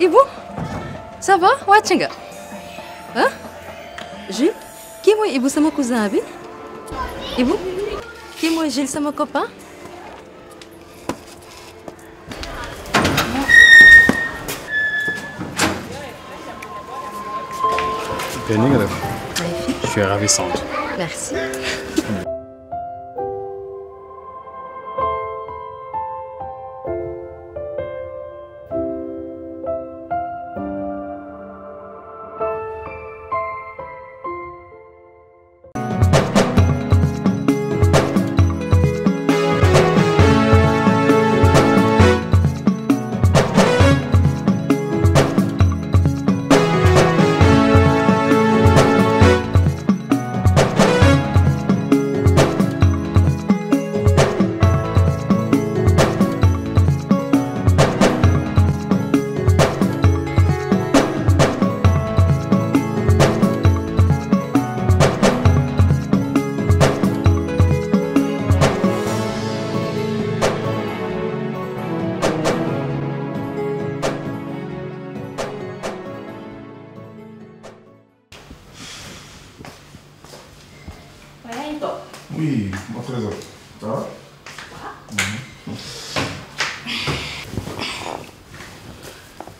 Ibu, ça va? Watchinga? Hein? Jules, qui est Ibu, c'est mon cousin Abi? Ibu, qui est Jules, c'est mon copain? Je suis ravissante. Merci. Hum.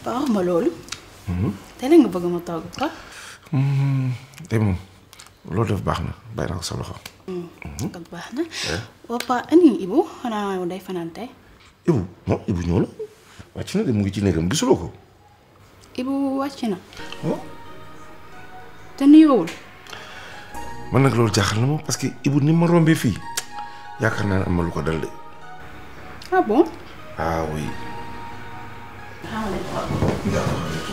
waaw wax ma loolu. Mhm. tey nga bëgg ma togg ko. Mhm. loolu def baax na bàyyi naa ko sa loxo. Mhm. kon baax na. waa eh? Pa ani Ibu xanaa day fanaan tey. Ibu moom Ibu ñëw la wàcc mu ngi ci néegam gisuloo ko. Ibu wàcc na. waaw. Oh. te nuyoowul. nag loolu jaaxal na ma parce que Ibu ni ma rombee fii yaakaar naa ne am na lu ko dal tá bom? Ah, oui. Ah, legal. Não.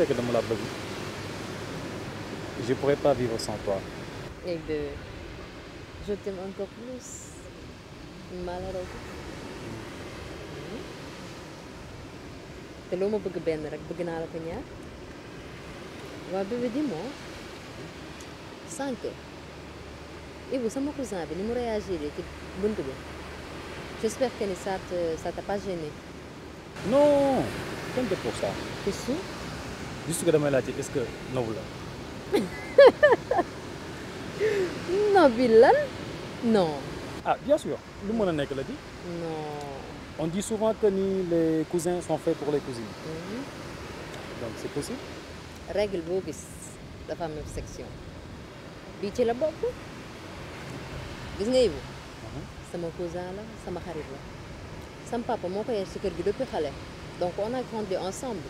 sais que dama la bëgg je pourrais pas vivre sans toi. Et de, je t'aime encore plus malheureusement. Mm-hmm. te loo ma bëgg benn rek bëgg naa la ko ñaar waaw bébé dis-moi sànq Ibou sama cousin bi ni mu réagir ci bunt bi j'espère que ni ça te ça t'a pas gêné. non t'inquiète pour ça. t'es sûr juste que dit, est-ce que noble? Noble? non. ah bien sûr Le non. on dit souvent que les cousins sont faits pour les cousines. Mhm. donc c'est possible. règle bogus la fameuse section bii la bokk gis nga c'est mon mhm. cousin ça ma xarit là sam papa ci depuis donc on a grandi ensemble.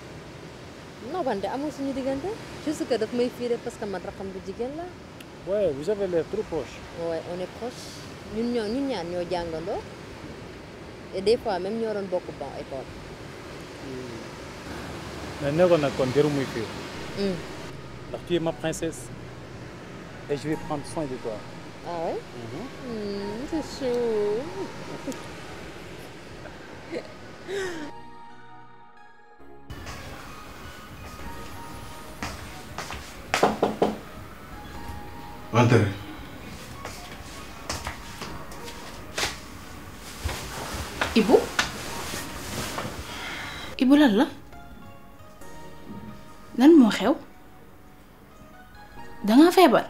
Tu Je que je may là parce que ma là. Oui, ouais vous avez l'air trop proche ouais on est proche nous, ñoo ñun ñaan ñoo et des fois même ñoo doon beaucoup ban école mais nous, hmm. hmm. tu es ma princesse et je vais prendre soin de toi ah ouais mhm. hmm, c'est chaud entrez. Ibu Ibu lan la lan moo xew danga feebar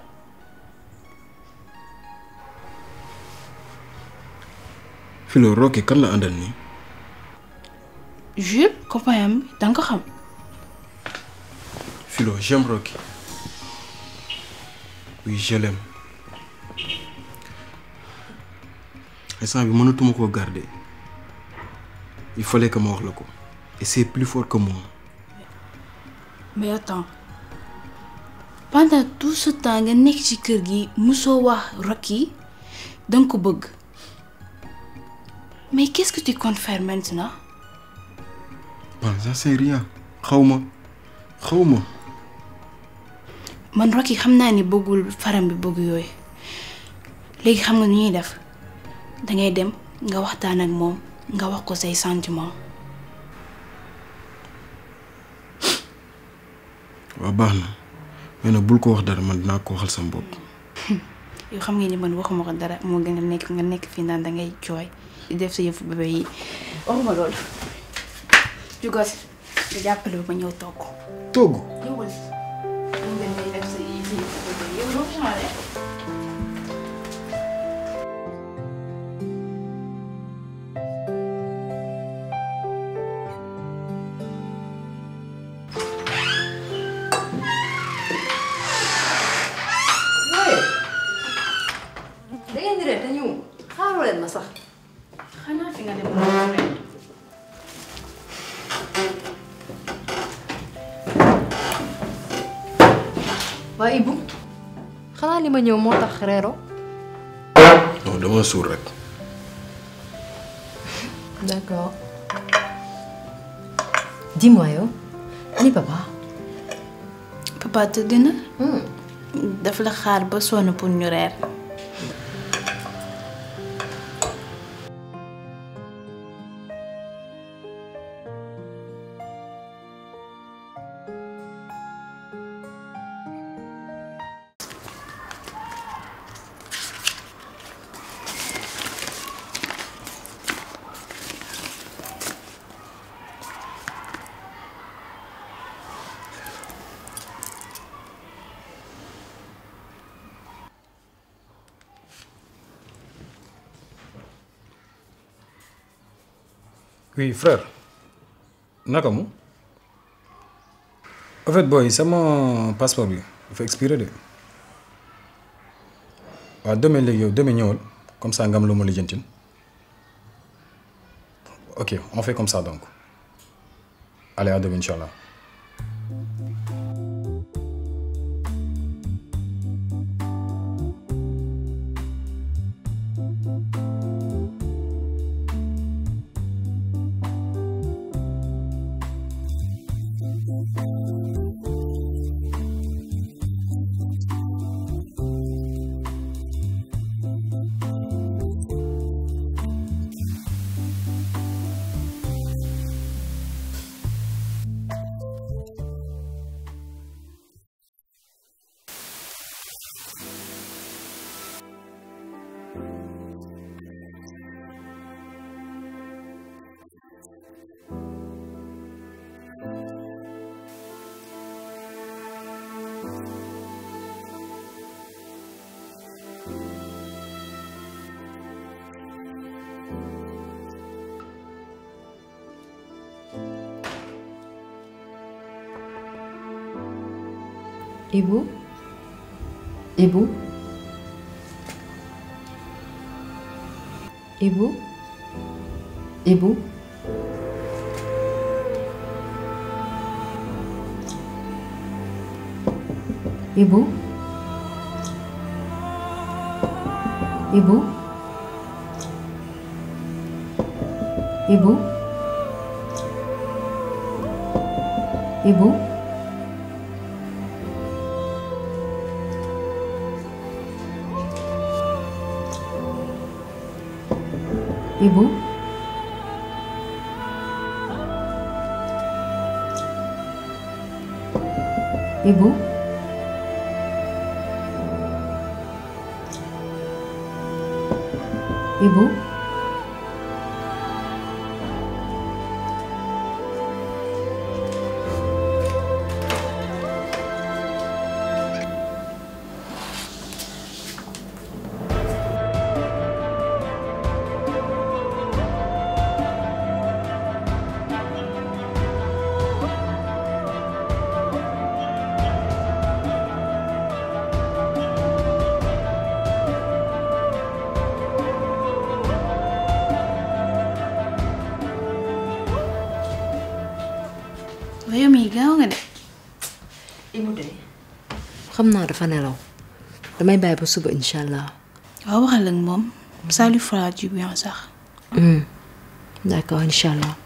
Filo Rocky kan la àndal Jules copain am danga xam Filo j'aime Rocky Oui je l'aime Et je ne mënatuma pas garder il fallait que je le quoi. et c'est plus fort que moi. mais attends pendant tout ce temps je n'ai ci kër que je wax Rocky Tu ko bug. mais qu'est-ce que tu comptes faire maintenant. bon ne sais rien Je ne sais pas..! man Rocky xam naa ni bëggul faram bi bëgg yooyu léegi xam nga nu ñuy def dangay dem nga waxtaan ak moom nga wax ko say sentiment waaw baax na mais bul ko wax dara man dinaa ko waxal sama bopp yoo xam nga ni man waxuma ko dara moo gën nekk nga nekk fii naan dangay jooy di def sa yëfu bébé yi waxuma loolu jugos nga jàppale ba ma ñëw togg togg まで ñëw moo tax reero non dama suur rek. d'accord. dis-moi papa. papa tëdd na. Hmm. daf la xaar ba sonn pour ñu reer. oui frère Nakamu. en fait boy c'est mon passeport Il faut expirer. de waaw demee léegi yow comme ça nga gamme lu mot ok on fait comme ça donc allez à demain Inch'Allah. Et vous Et beau Et vous Et beau Et Et Ibu? Ibu? Ibu? xam naa dafa nelaw damay bàyyi ba suba incha allah. waaw waxal ak moom. Salif Fra ji bien sax. Hmm. d'accord incha allah.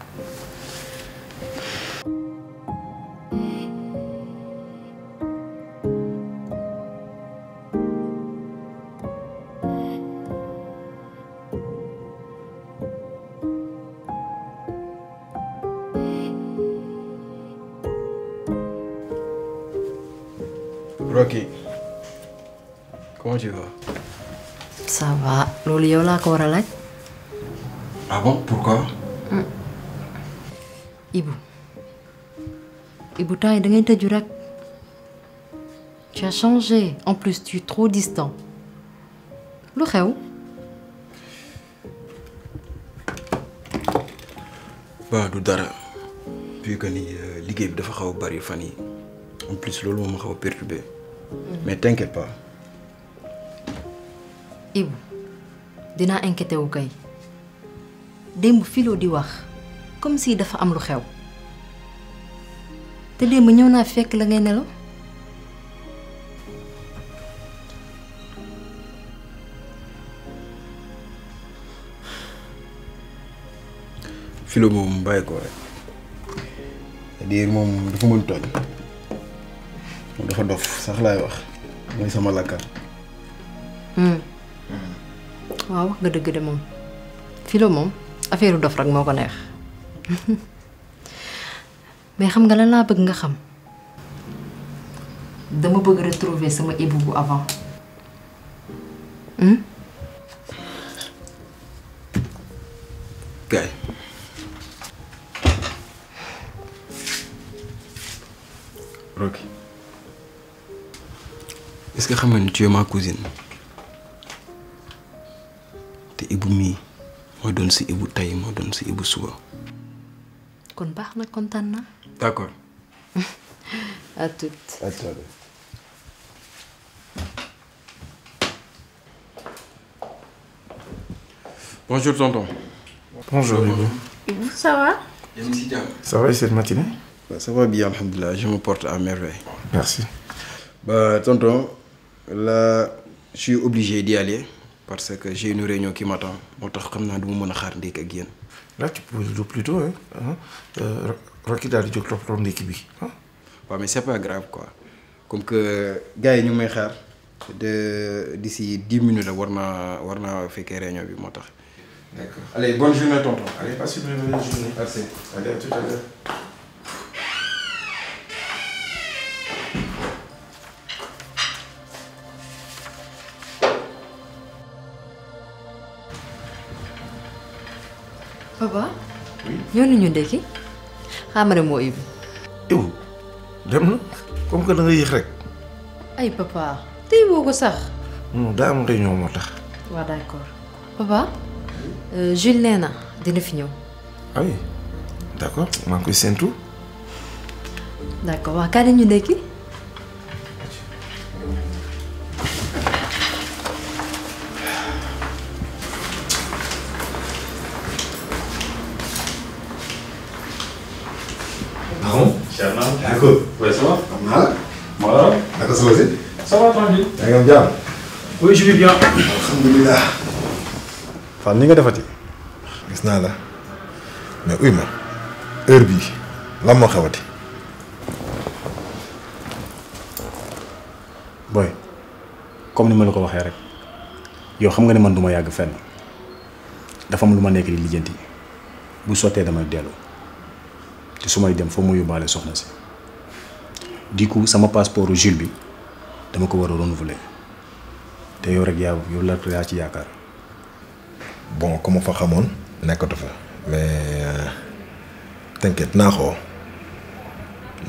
Rocky, comment tu vas Ça va. Loliola Koralak. Ah bon Pourquoi mm. Ibu. Ibu, t'as été direct. Tu as changé. En plus, tu es trop distant. Le où Bah, du dara. Puis que ni euh, liguey bi dafa xaw bari fan En plus lolu moma xaw perturbé. mais t'inquiète pas. Ibu dinaa inquiété kay démb filoo di wax comme si dafa am lu xew te démb ñëw naa fekk la ngay nelaw. filo moom bàyyi ko rek c'est-à-dire moom dafa mën tooñ. moom dafa dof sax laay wax mooy sama laka, hmm. hmm. waaw wax nga dëgg de moom Philo moom affaire dof rek moo ko neex mais xam nga lan laa bëgg nga xam dama bëgg sama ibu bu avant. Hmm? Rocky est-ce que tu es ma cousine te Ibou mi? Je donne si Ibou taille, mooy ce si Ibou suba. kon baax na d'accord. à toute..! à Bonjour tonton. Bonjour Et vous, ça va. ça va cette matinée. Bah, ça va bien je me porte à merveille. merci. bah tonton. Là, je suis obligé d'y aller parce que j'ai une réunion qui m'attend. Je tax comme naa du ma mën xaar là tu peux le plus tôt hein, hein. Euh, Rocky daal di jóg toppatoo ndékki bi ah. mais c'est pas grave quoi comme que gars yi ñu may de d'ici 10 minutes je war faire une réunion d'accord allez bonne journée tonton. allez passe une bonne journée. merci allez à tout à l'heure. yoonu ñu ndekki xaamare moo ibi dem na comme que da nga rek ay papa tey woo ko sax daa am réunion moo tax waa d'accord papa euh, Jules nee na dina fi ñëw ah oui d'accord maa ngi koy séntu d'accord waa kaa ñu ndekki Thierno. d'accord oui ça va. am naa la. voilà. naka suba si. ça va tranquille. yaa ngi am jàmm. oui je vais bien. alhamdulilah. Fane ni nga defati. gis naa la mais uy ma heure bii lan moo xewati. booy comme ni ma la ko waxee rek yow xam nga ne man du ma yàgg fenn dafa am lu ma nekk di lijjanti bu sottee damay dellu. te su may dem fa mu yóbbaale soxna si du sama passeport Jules bi dama ko war a renouveler te yow rek yaa yow la yaa ci yaakaar. bon ku fa xamoon nekkatu fa mais euh, t'inquiète naa xoo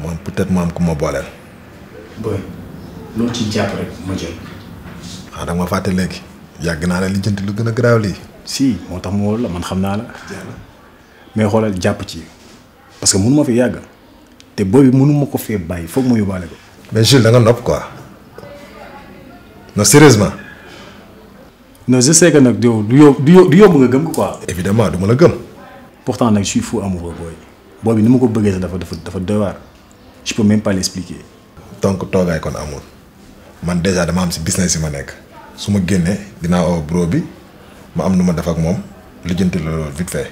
moom peut-être ma am ku ma booleel. booy loolu ci jàpp rek ma jël. ah da nga fàtte léegi yàgg naa la lijjanti lu gën a garaaw lii. si moo tax mu wóor la man xam naa la. mais xoolal jàpp ci. parce que je ne fi pas te boobu ko fee bàyyi foog mais je da nga sérieusement. je sais que nag du yow du nga gëm quoi. évidemment du ma pourtant je suis fou amoureux booy boobu ni ko dafa je peux même pas l'expliquer. donc toogaay kon amul man déjà dama am si business yi ma nekk su ma génnee dinaa oo bro bi ma am nu ma def ak moom lijjanti la vite fait.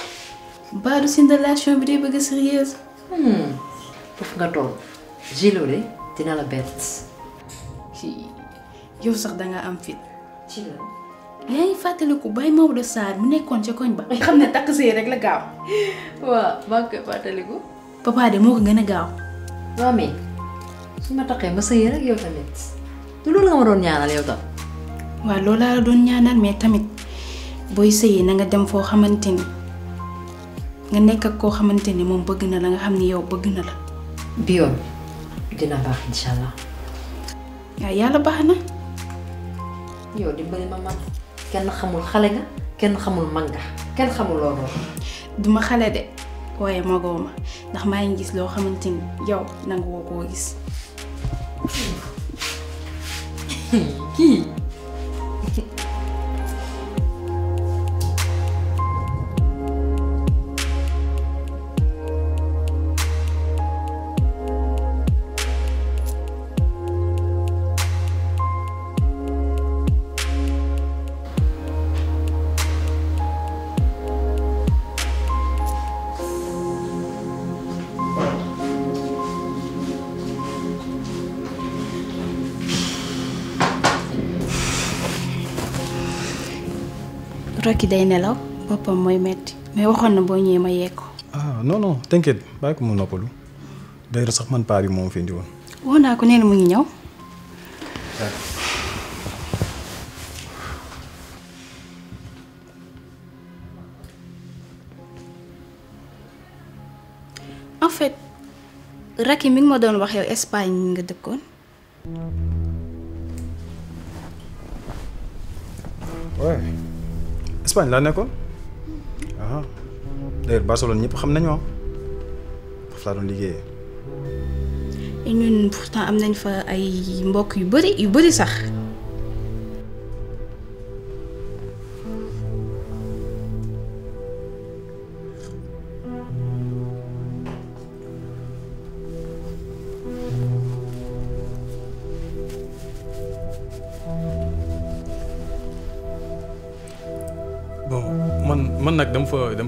baru c'est une relation bi bëgg serius Hmm. Fof nga toll. Jilo deh dina la bet Ki yow sax da nga am fit. Ci la. yaa ngi fàttaliku bay Maodo Sarr mu bang? ca koñ ba xam rek la gaaw waaw maa ngi koy papa de mau ko gën mami gaaw waaw mais su ma taqee rek yow tamit du lu nga ma ñaanal yow tam waaw lola la doon ñaanal mais tamit booy sëyi na nga dem nga nekk ak koo xamante ni moom bëgg na la nga xam ni yow bëgg na la. bi yoon dina baax incha waaw yàlla baax na. yow dimbali ma man kenn xamul xale nga kenn xamul mag nga kenn xamul loolu. duma xale de waaye magoo ma ndax maa ngi gis loo xamante ni yow nangu woo koo gis. tokki day nelaw boppam moy metti mais waxon na bo ñe ma yee ah non non t'inquiète bàyyi ko mo nopolu day sax man paa bi moom fi ndi won wona ko nee mu ngi ñëw en fait Raki mi ngi ma doon wax yow Espagne nga dëkkoon ouais Espagne là, neko. ah d'ailleurs Barcelone xam nañu ah doon et nous pourtant am fa ay mbokk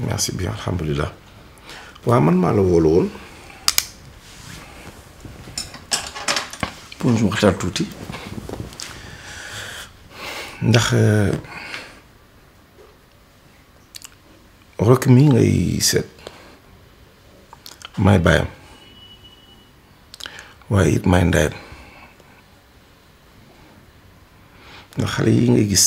merci bien alhamdulilah waa man maa la woolu woon pour ñu waxtaan tuuti ndax euh, rek mii ngay seet may baayam waaye it may ndayam ndax xale yi ngay gis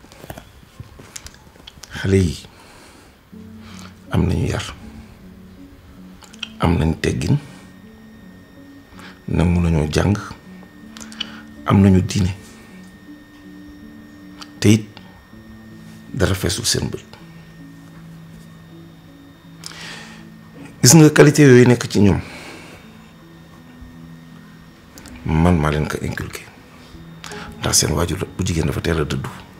xale yi am nañu yar am nañ teggin nangu nañu jàng am nañu diine te it dara feesul seen bët gis nga qualité yooyu nekk ci ñoom man maa leen ko inculqué ndax seen waajur bu jigéen dafa teel a dëddu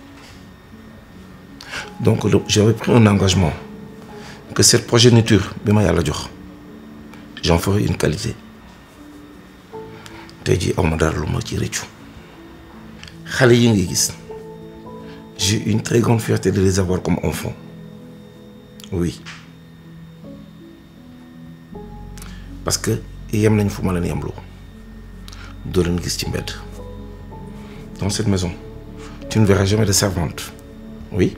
donc j'avais pris un engagement que cette progéniture bi ma yàlla jox j'en ferai une qualité Te jii aw ma dara le ma ci rëccu xale yi gis j'ai une très grande fierté de les avoir comme enfants oui parce que yem nañ fu ma leen yemloo doo leen gis ci dans cette maison tu ne verras jamais de servante oui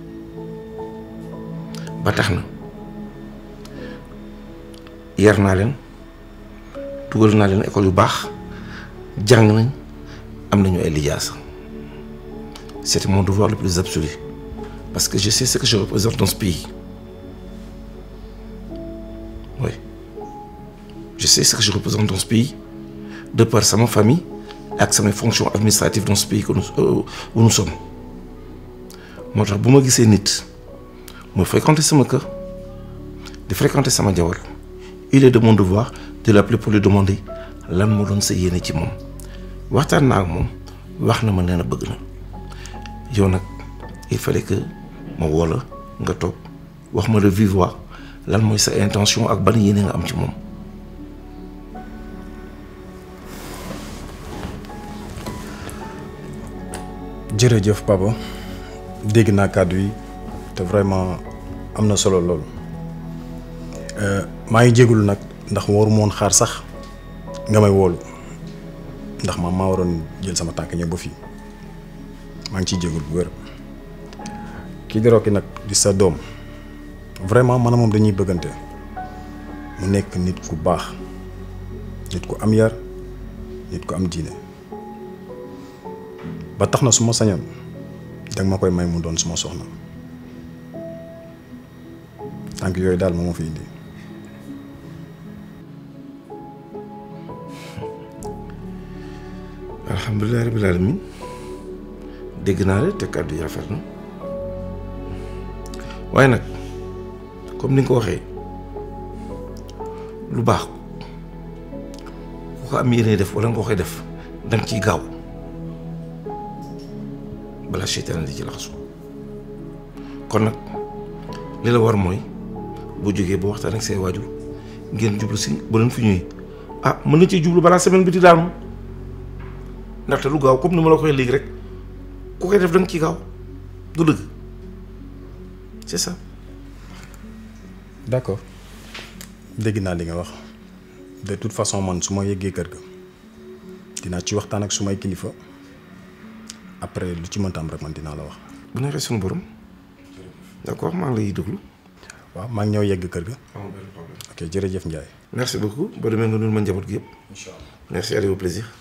ba école mon devoir le plus absolu parce que je sais ce que je représente dans ce pays oui je sais ce que je représente dans ce pays de par sa famille Et mes fonctions administratives dans ce pays nous euh, où nous sommes je tax bu ma nit ma fréquenter mon cœur, de fréquenter ma jawar il est de mon devoir de l'appeler pour lui demander lan moo doon sa yéene ci moom waxtaan naa ak moom wax na ma nee na yow nag il fallait que ma woo la nga toog wax ma de vive voix lan mooy sa intention ak ban yéene nga am ci moom. jërëjëf papa dégg naa kàddu yi. te vraiment amna solo lol euh may djegul nak ndax waruma mon xaar sax nga may wol ndax ma ma waron jël sama tank ñe bo fi ma ngi ci djegul bu wér kii di roki nak di sa dom vraiment man mom dañuy bëggante mu nekk nit ku baax nit ku am yar nit ku am diine ba taxna suma sañam dang ma koy may mu doon suma soxna tànk yooyu daal moom moo fi indi. alhamdulilah rabbil alamin dégg naa la te kàddu yi rafet na waaye nag comme ni ko waxee lu baax ku am yéene def wala nga def danga ciy gaaw balaa seytaane di ci laxasu kon nag li la war mooy. bu joge ba waxtan ak say waajur ngeen djublu si ba len fi ñuy ah mën na ci djublu bala semaine bi di daanu ndaxte lu gaaw comme ni la koy léegi rek ku koy def dang ci gaaw du deug c'est ça. d'accord dégg na li nga wax de toute façon man suma yegge keur ga dina ci waxtan ak sumay kilifa après lu ci mënta rek man dina la wax. bu neexee sun borom d'accord ma lay déglu. waaw maa ñëw yegg kër ga. amul benn problème jërëjëf Ndiaye. merci beaucoup boo demee nga nuyu ma njaboot gi yëpp. incha allah merci allez au plaisir.